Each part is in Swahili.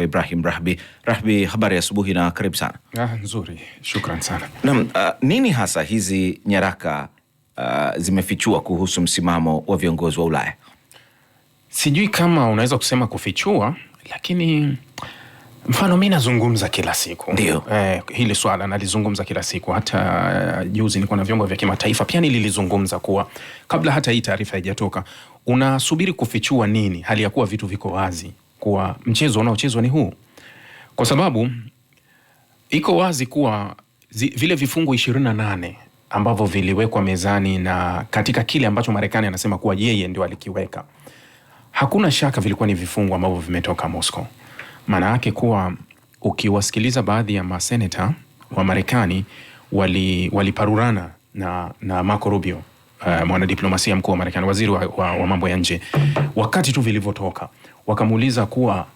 Mataifa Ibrahim Rahbi. Rahbi, habari ya asubuhi na karibu sana. Ah, nzuri, shukran sana. Naam, uh, nini hasa hizi nyaraka uh, zimefichua kuhusu msimamo wa viongozi wa Ulaya? Sijui kama unaweza kusema kufichua, lakini mfano mi nazungumza kila siku ndio, eh, hili swala nalizungumza kila siku. Hata eh, juzi nilikuwa na vyombo vya kimataifa pia nililizungumza kuwa kabla hata hii taarifa haijatoka, unasubiri kufichua nini hali ya kuwa vitu viko wazi? kuwa mchezo unaochezwa ni huu, kwa sababu iko wazi kuwa zi, vile vifungu ishirini na nane ambavyo viliwekwa mezani na katika kile ambacho Marekani anasema kuwa yeye ndio alikiweka, hakuna shaka vilikuwa ni vifungu ambavyo vimetoka Moscow. Maana yake kuwa ukiwasikiliza baadhi ya maseneta wa Marekani waliparurana wali na, na Marco Rubio uh, mwanadiplomasia mkuu wa Marekani, waziri wa, wa, wa mambo ya nje, wakati tu vilivyotoka wakamuuliza kuwa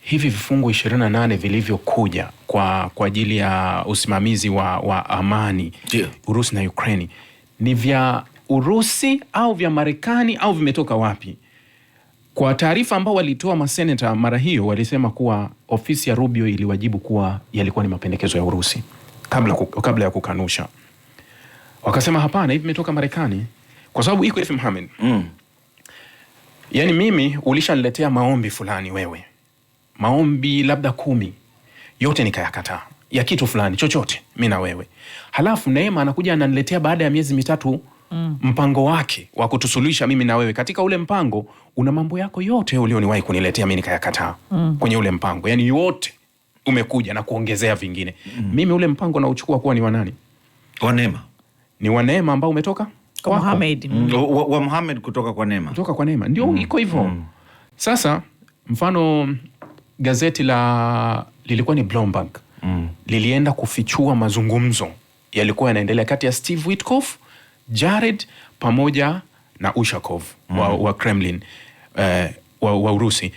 hivi vifungu nane vilivyokuja kwa, kwa ajili ya usimamizi wa, wa amani yeah, Urusi na Ukraini ni vya Urusi au vya Marekani au vimetoka wapi? Kwa taarifa ambao walitoa maseneta mara hiyo walisema kuwa ofisi ya Rubio iliwajibu kuwa yalikuwa ni mapendekezo ya Urusi kabla, kabla ya kukanusha. Wakasema hapana, hivi vimetoka Marekani kwa sababu iko hivi Mohamed, mm. yaani mimi ulishaniletea maombi fulani wewe, maombi labda kumi yote nikayakataa, ya kitu fulani chochote, mi na wewe, halafu Neema anakuja ananiletea baada ya miezi mitatu Mm. mpango wake wa kutusuluhisha mimi na wewe. Katika ule mpango una mambo yako yote ulioniwahi kuniletea mimi nikayakataa, mm. kwenye ule mpango, yani yote umekuja na kuongezea vingine. mm. Mimi ule mpango nauchukua kuwa ni wa nani? Wa Neema. Ni wa Neema ambao umetoka kwa Muhammad mm. kutoka kwa neema, kutoka kwa neema ndio mm. iko hivyo mm. Sasa mfano gazeti la lilikuwa ni Bloomberg mm. lilienda kufichua mazungumzo yalikuwa yanaendelea kati ya Steve Witkoff, Jared pamoja na Ushakov mm. wa, wa Kremlin eh, wa, wa Urusi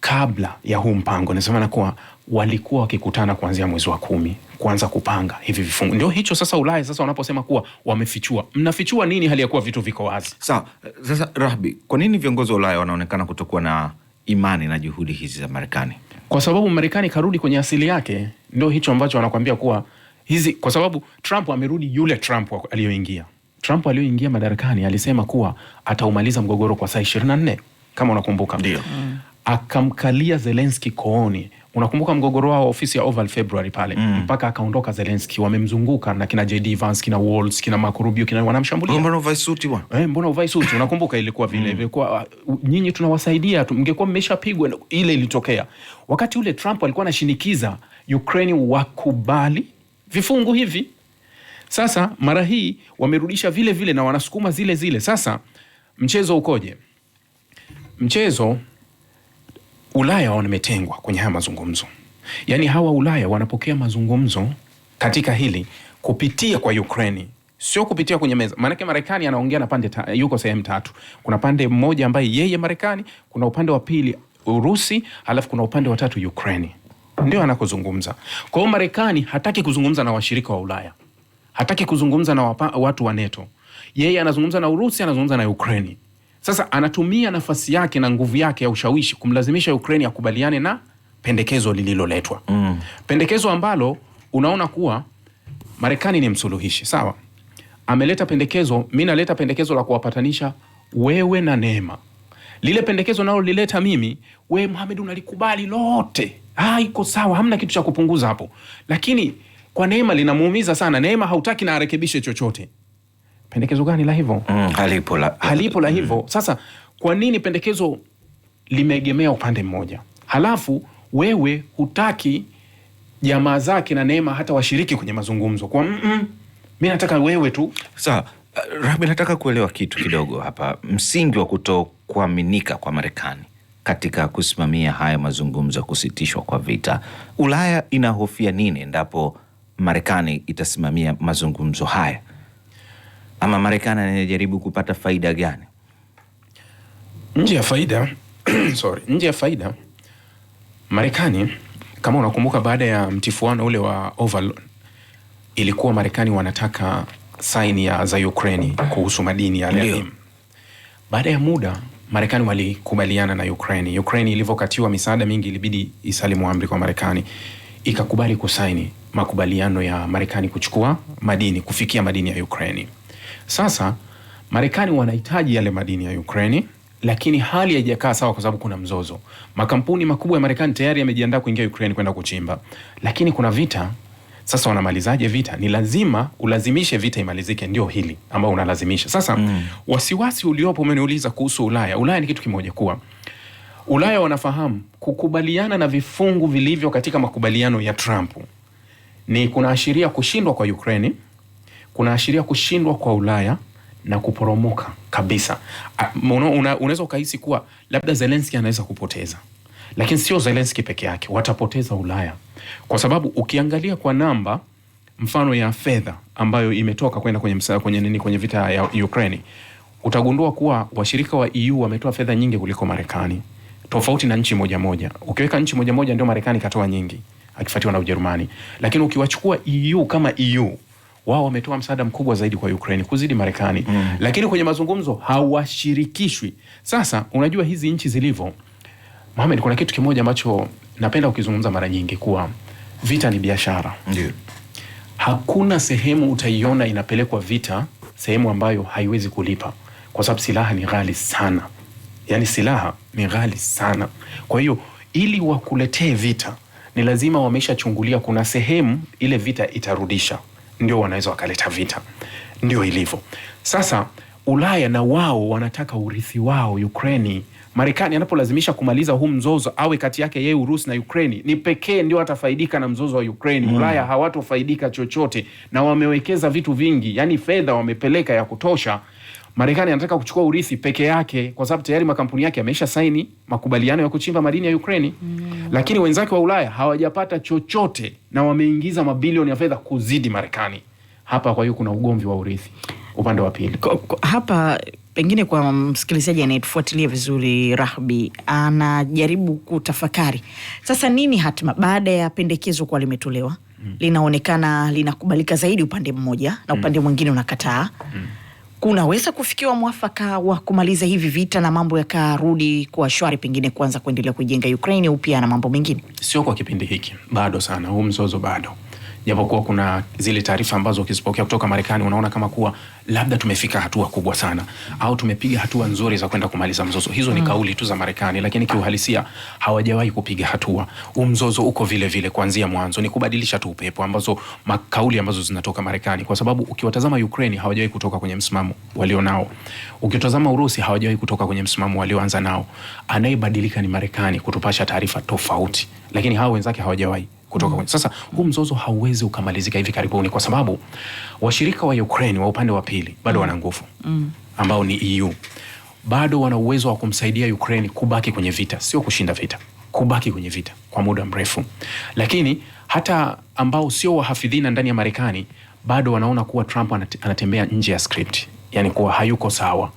kabla ya huu mpango, inasemekana kuwa walikuwa wakikutana kuanzia mwezi wa kumi kuanza kupanga hivi vifungu. Ndio hicho sasa Ulaya sasa wanaposema kuwa wamefichua, mnafichua nini hali ya kuwa vitu viko wazi? Sawa. Sasa Rahbi, kwa nini viongozi wa Ulaya wanaonekana kutokuwa na imani na juhudi hizi za Marekani? Kwa sababu Marekani karudi kwenye asili yake. Ndio hicho ambacho wanakwambia kuwa hizi, kwa sababu Trump amerudi yule Trump aliyoingia. Trump aliyoingia madarakani alisema kuwa ataumaliza mgogoro kwa saa 24 kama unakumbuka, ndio mm. Akamkalia Zelenski kooni Unakumbuka mgogoro wao ofisi ya Oval February pale mm. mpaka akaondoka Zelensky, wamemzunguka na kina JD Vance, kina Walls, kina Marco Rubio, kina wanamshambulia. Mbona uvai suti Eh, mbona uvai suti? Unakumbuka ilikuwa vile mm. ilikuwa uh, nyinyi tunawasaidia tu, mngekuwa mmeshapigwa. Ile ilitokea wakati ule Trump alikuwa anashinikiza Ukraine wakubali vifungu hivi. Sasa mara hii wamerudisha vile vile na wanasukuma zile zile. Sasa mchezo ukoje? Mchezo Ulaya wametengwa kwenye haya mazungumzo, yaani hawa Ulaya wanapokea mazungumzo katika hili kupitia kwa Ukraine, sio kupitia kwenye meza. Maanake Marekani anaongea na pande ta, yuko sehemu tatu. Kuna pande mmoja ambaye yeye Marekani, kuna upande wa pili Urusi, halafu kuna upande wa tatu Ukraine ndio anakozungumza. Kwa hiyo Marekani hataki kuzungumza na washirika wa Ulaya, hataki kuzungumza na wapa, watu wa NATO. Yeye anazungumza na Urusi, anazungumza na Ukraini. Sasa anatumia nafasi yake na nguvu yake ya ushawishi kumlazimisha Ukraine akubaliane na pendekezo lililoletwa mm. pendekezo ambalo unaona kuwa Marekani ni msuluhishi sawa, ameleta pendekezo, mi naleta pendekezo la kuwapatanisha wewe na Neema. Lile pendekezo nalolileta mimi, we Mohamed unalikubali lote, ah, iko sawa, hamna kitu cha kupunguza hapo, lakini kwa Neema linamuumiza sana. Neema hautaki na arekebishe chochote pendekezo gani la hivyo? Mm, halipo la, halipo la hivyo mm. Sasa kwa nini pendekezo limeegemea upande mmoja, halafu wewe hutaki jamaa zake na Neema hata washiriki kwenye mazungumzo kwa mm -mm. Mi nataka wewe tu. Sawa eh, Rahbi, nataka kuelewa kitu kidogo hapa, msingi wa kutokuaminika kuaminika kwa Marekani katika kusimamia haya mazungumzo ya kusitishwa kwa vita. Ulaya inahofia nini endapo Marekani itasimamia mazungumzo haya? ama Marekani anajaribu kupata faida gani nje ya faida sorry, nje ya faida Marekani kama unakumbuka, baada ya mtifuano ule wa Oval, ilikuwa Marekani wanataka saini ya za Ukraini kuhusu madini ya Baada ya muda Marekani walikubaliana na Ukraini. Ukraini ilivyokatiwa misaada mingi, ilibidi isalimu amri kwa Marekani, ikakubali kusaini makubaliano ya Marekani kuchukua madini, kufikia madini ya Ukraini. Sasa Marekani wanahitaji yale madini ya Ukraini, lakini hali haijakaa sawa kwa sababu kuna mzozo. Makampuni makubwa ya Marekani tayari yamejiandaa kuingia Ukraine kwenda kuchimba, lakini kuna vita. Sasa wanamalizaje vita? Ni lazima ulazimishe vita imalizike, ndio hili ambao unalazimisha sasa. Mm. Wasiwasi uliopo umeniuliza kuhusu Ulaya. Ulaya ni kitu kimoja kuwa Ulaya wanafahamu kukubaliana na vifungu vilivyo katika makubaliano ya Trump ni kunaashiria kushindwa kwa Ukraini. Mm kunaashiria kushindwa kwa Ulaya na kuporomoka kabisa. Unaweza una, ukahisi kuwa labda Zelenski anaweza kupoteza, lakini sio Zelenski peke yake, watapoteza Ulaya kwa sababu ukiangalia kwa namba mfano ya fedha ambayo imetoka kwenda kwenye msa, kwenye nini kwenye vita ya Ukraine utagundua kuwa washirika wa EU wametoa fedha nyingi kuliko Marekani, tofauti na nchi moja moja. Ukiweka nchi moja moja ndio Marekani katoa nyingi akifuatiwa na Ujerumani, lakini ukiwachukua EU kama EU wao wametoa msaada mkubwa zaidi kwa Ukraine kuzidi Marekani mm. Lakini kwenye mazungumzo hawashirikishwi. Sasa unajua hizi nchi zilivyo, Mohamed, kuna kitu kimoja ambacho napenda ukizungumza mara nyingi kuwa vita ni biashara Ndio. Hakuna sehemu utaiona inapelekwa vita sehemu ambayo haiwezi kulipa, kwa sababu silaha ni ghali sana, yaani silaha ni ghali sana. Kwa hiyo ili wakuletee vita ni lazima wameshachungulia kuna sehemu ile vita itarudisha ndio wanaweza wakaleta vita. Ndio ilivyo sasa. Ulaya na wao wanataka urithi wao Ukraini. Marekani anapolazimisha kumaliza huu mzozo awe kati yake yeye Urusi na Ukraini ni pekee ndio atafaidika na mzozo wa Ukraini. Mm. Ulaya hawatofaidika chochote, na wamewekeza vitu vingi, yani fedha wamepeleka ya kutosha Marekani anataka kuchukua urithi peke yake kwa sababu tayari makampuni yake yameisha saini makubaliano ya kuchimba madini ya Ukraine mm. Lakini wenzake wa Ulaya hawajapata chochote na wameingiza mabilioni ya fedha kuzidi Marekani hapa. Kwa hiyo kuna ugomvi wa urithi upande wa pili hapa. Pengine kwa msikilizaji anayetufuatilia vizuri, Rahbi anajaribu kutafakari sasa, nini hatima baada ya pendekezo kuwa limetolewa, mm. linaonekana linakubalika zaidi upande mmoja na mm. upande mwingine mm. unakataa mm kunaweza kufikiwa mwafaka wa kumaliza hivi vita na mambo yakarudi kuwa shwari, pengine kuanza kuendelea kuijenga Ukraine upya na mambo mengine? Sio kwa kipindi hiki, bado sana huu mzozo bado japokuwa kuna zile taarifa ambazo ukizipokea kutoka Marekani unaona kama kuwa labda tumefika hatua kubwa sana au tumepiga hatua nzuri za kwenda kumaliza mzozo. Hizo ni mm. kauli tu za Marekani, lakini kiuhalisia hawajawahi kupiga hatua. Huu mzozo uko vile vile kuanzia mwanzo, ni kubadilisha tu upepo ambazo kauli ambazo zinatoka Marekani, kwa sababu ukiwatazama Ukraine hawajawahi kutoka kwenye msimamo walionao. Ukitazama Urusi hawajawahi kutoka kwenye msimamo walioanza nao. Anayebadilika ni Marekani kutupasha taarifa tofauti, lakini hao wenzake hawajawahi kutoka mm. kwenye. Sasa huu mzozo hauwezi ukamalizika hivi karibuni kwa sababu washirika wa Ukraine wa upande wa pili bado wana nguvu mm. ambao ni EU bado wana uwezo wa kumsaidia Ukraine kubaki kwenye vita, sio kushinda vita, kubaki kwenye vita kwa muda mrefu. Lakini hata ambao sio wahafidhina ndani ya Marekani bado wanaona kuwa Trump anatembea nje ya script, yani kuwa hayuko sawa,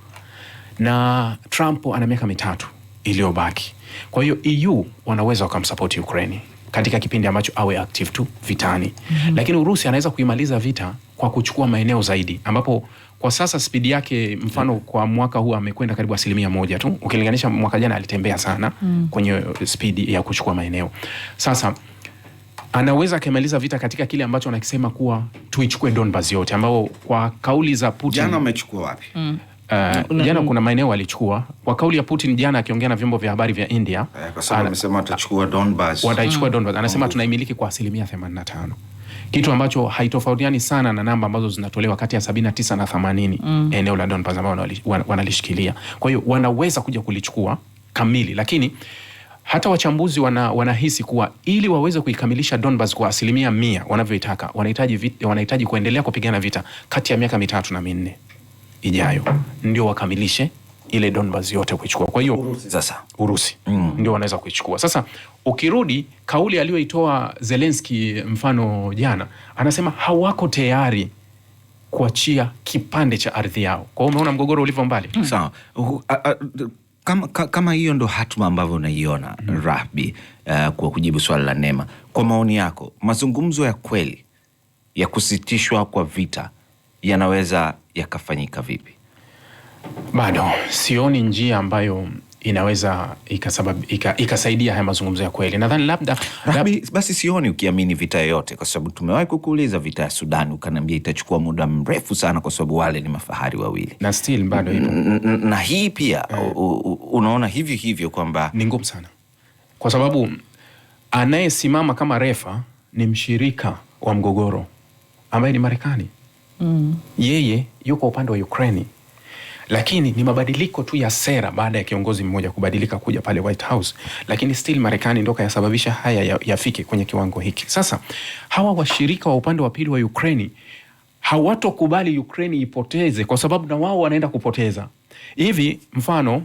na Trump ana miaka mitatu iliyobaki. Kwa hiyo EU wanaweza wakamsapoti Ukraine katika kipindi ambacho awe active tu vitani. mm -hmm. Lakini Urusi anaweza kuimaliza vita kwa kuchukua maeneo zaidi, ambapo kwa sasa spidi yake mfano yeah. Mhm. kwa mwaka huu amekwenda karibu asilimia moja tu ukilinganisha mwaka jana alitembea sana mm kwenye uh, spidi ya kuchukua maeneo. Sasa anaweza akaimaliza vita katika kile ambacho anakisema kuwa tuichukue Donbas yote, ambao kwa kauli za Putin jana amechukua wapi? mm Uh, jana kuna maeneo walichukua kwa kauli ya Putin jana akiongea na vyombo vya habari vya India eh, kwa Donbas, mm. Donbas anasema tunaimiliki kwa asilimia 85 kitu ambacho haitofautiani sana na namba ambazo zinatolewa kati ya 79 na 80 mm. eneo la Donbas ambao wanalishikilia kwa hiyo wanaweza kuja kulichukua kamili, lakini hata wachambuzi wana, wanahisi kuwa ili waweze kuikamilisha Donbas kwa asilimia mia wanavyoitaka wanahitaji wanahitaji kuendelea kupigana vita kati ya miaka mitatu na minne ijayo ndio wakamilishe ile Donbas yote kuichukua. Kwa hiyo Urusi, sasa Urusi mm. mm. ndio wanaweza kuichukua. Sasa ukirudi kauli aliyoitoa zelenski mfano jana, anasema hawako tayari kuachia kipande cha ardhi yao. Kwa hiyo umeona mgogoro ulivyo mbali. mm. Sawa. Kama, kama hiyo ndo hatma ambavyo unaiona mm. Rahbi, uh, eh, kwa kujibu swala la Neema, kwa maoni yako mazungumzo ya kweli ya kusitishwa kwa vita yanaweza yakafanyika vipi? Bado sioni njia ambayo inaweza ika, ikasaidia haya mazungumzo ya kweli. Nadhani labda lab... basi sioni ukiamini vita yoyote, kwa sababu tumewahi kukuuliza vita ya Sudan ukaniambia itachukua muda mrefu sana, kwa sababu wale ni mafahari wawili na still bado ipo. Mm, mm, mm, na hii pia eh, Unaona hivyo hivyo kwamba ni ngumu sana, kwa sababu anayesimama kama refa ni mshirika wa mgogoro ambaye ni Marekani mm. Yeye yuko upande wa Ukraini, lakini ni mabadiliko tu ya sera baada ya kiongozi mmoja kubadilika kuja pale White House, lakini still Marekani ndo kayasababisha haya yafike ya kwenye kiwango hiki. Sasa hawa washirika wa upande wa pili wa Ukraini hawatokubali Ukraini ipoteze kwa sababu na wao wanaenda kupoteza. Hivi mfano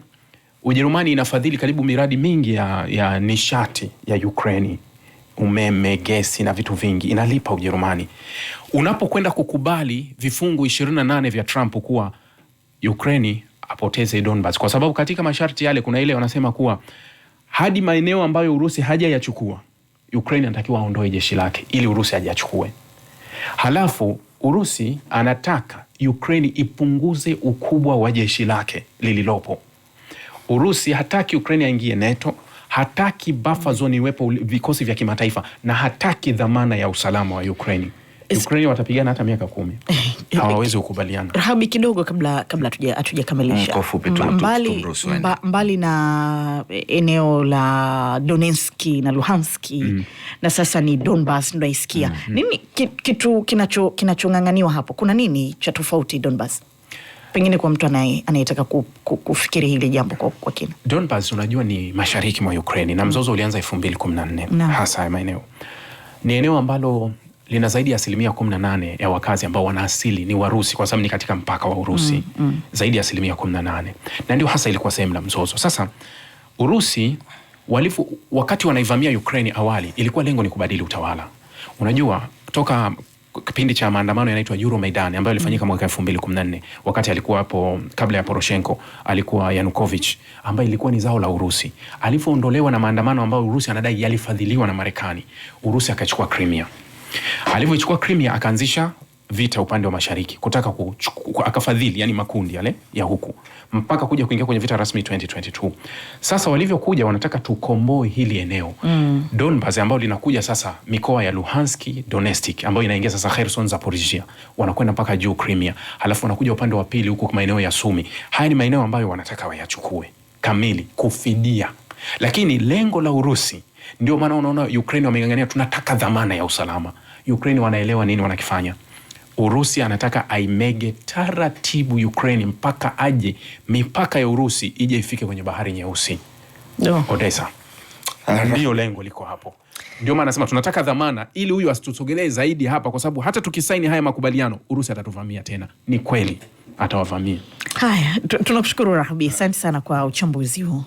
Ujerumani inafadhili karibu miradi mingi ya, ya nishati ya Ukraini umeme, gesi na vitu vingi inalipa Ujerumani. Unapokwenda kukubali vifungu 28 vya Trump kuwa Ukraini apoteze Donbas, kwa sababu katika masharti yale kuna ile wanasema kuwa hadi maeneo ambayo Urusi hajayachukua Ukraini anatakiwa aondoe jeshi lake ili Urusi ajachukue. Halafu Urusi anataka Ukraini ipunguze ukubwa wa jeshi lake lililopo. Urusi hataki Ukraini aingie NATO, hataki buffer mm. zone iwepo vikosi vya kimataifa na hataki dhamana ya usalama wa Ukraine. Ukraine watapigana hata miaka kumi hawawezi kukubaliana. Rahabi, kidogo kabla kabla hatujakamilisha mbali, mba, mbali na e, eneo la Donetski na Luhanski mm. na sasa ni Donbas ndo naisikia mm -hmm. Nini kitu kinachong'ang'aniwa kinacho hapo, kuna nini cha tofauti Donbas? pengine kwa mtu anayetaka ku, ku, kufikiri hili jambo kwa, kwa kina. Donbas unajua ni mashariki mwa Ukraini na mzozo ulianza elfu mbili kumi na nne hasa maeneo ni eneo ambalo lina zaidi ya asilimia kumi na nane ya wakazi ambao wana asili ni Warusi kwa sababu ni katika mpaka wa Urusi. mm, mm. zaidi ya asilimia kumi na nane na ndio hasa ilikuwa sehemu la mzozo. Sasa Urusi walifu, wakati wanaivamia Ukraini awali ilikuwa lengo ni kubadili utawala. Unajua toka kipindi cha maandamano yanaitwa Euro Maidan ambayo ilifanyika mm. mwaka 2014 wakati alikuwa hapo kabla ya Poroshenko alikuwa Yanukovych ambaye ilikuwa ni zao la Urusi. Alivyoondolewa na maandamano ambayo Urusi anadai yalifadhiliwa na Marekani, Urusi akachukua Crimea. Alivyochukua Crimea akaanzisha vita upande wa mashariki kutaka akafadhili yani makundi yale ya huku mpaka kuja kuingia kwenye vita rasmi 2022. Sasa walivyokuja wanataka tukomboe hili eneo mm. Donbas ambayo linakuja sasa mikoa ya Luhanski, Donetsk ambayo inaingia sasa Kherson, Zaporizhia, wanakwenda mpaka juu Crimea, halafu wanakuja upande wa pili huku maeneo ya Sumi. Haya ni maeneo ambayo wanataka wayachukue kamili kufidia, lakini lengo la Urusi ndio maana unaona Ukraine wamegangania, tunataka dhamana ya usalama. Ukraine wanaelewa nini wanakifanya Urusi anataka aimege taratibu Ukraine mpaka aje mipaka ya Urusi ije ifike kwenye bahari nyeusi no. Odessa ndiyo lengo liko hapo. Ndio maana nasema tunataka dhamana ili huyu asitusogelee zaidi hapa, kwa sababu hata tukisaini haya makubaliano Urusi atatuvamia tena. Ni kweli atawavamia. Haya, tunakushukuru Rahbi, asante sana kwa uchambuzi huu.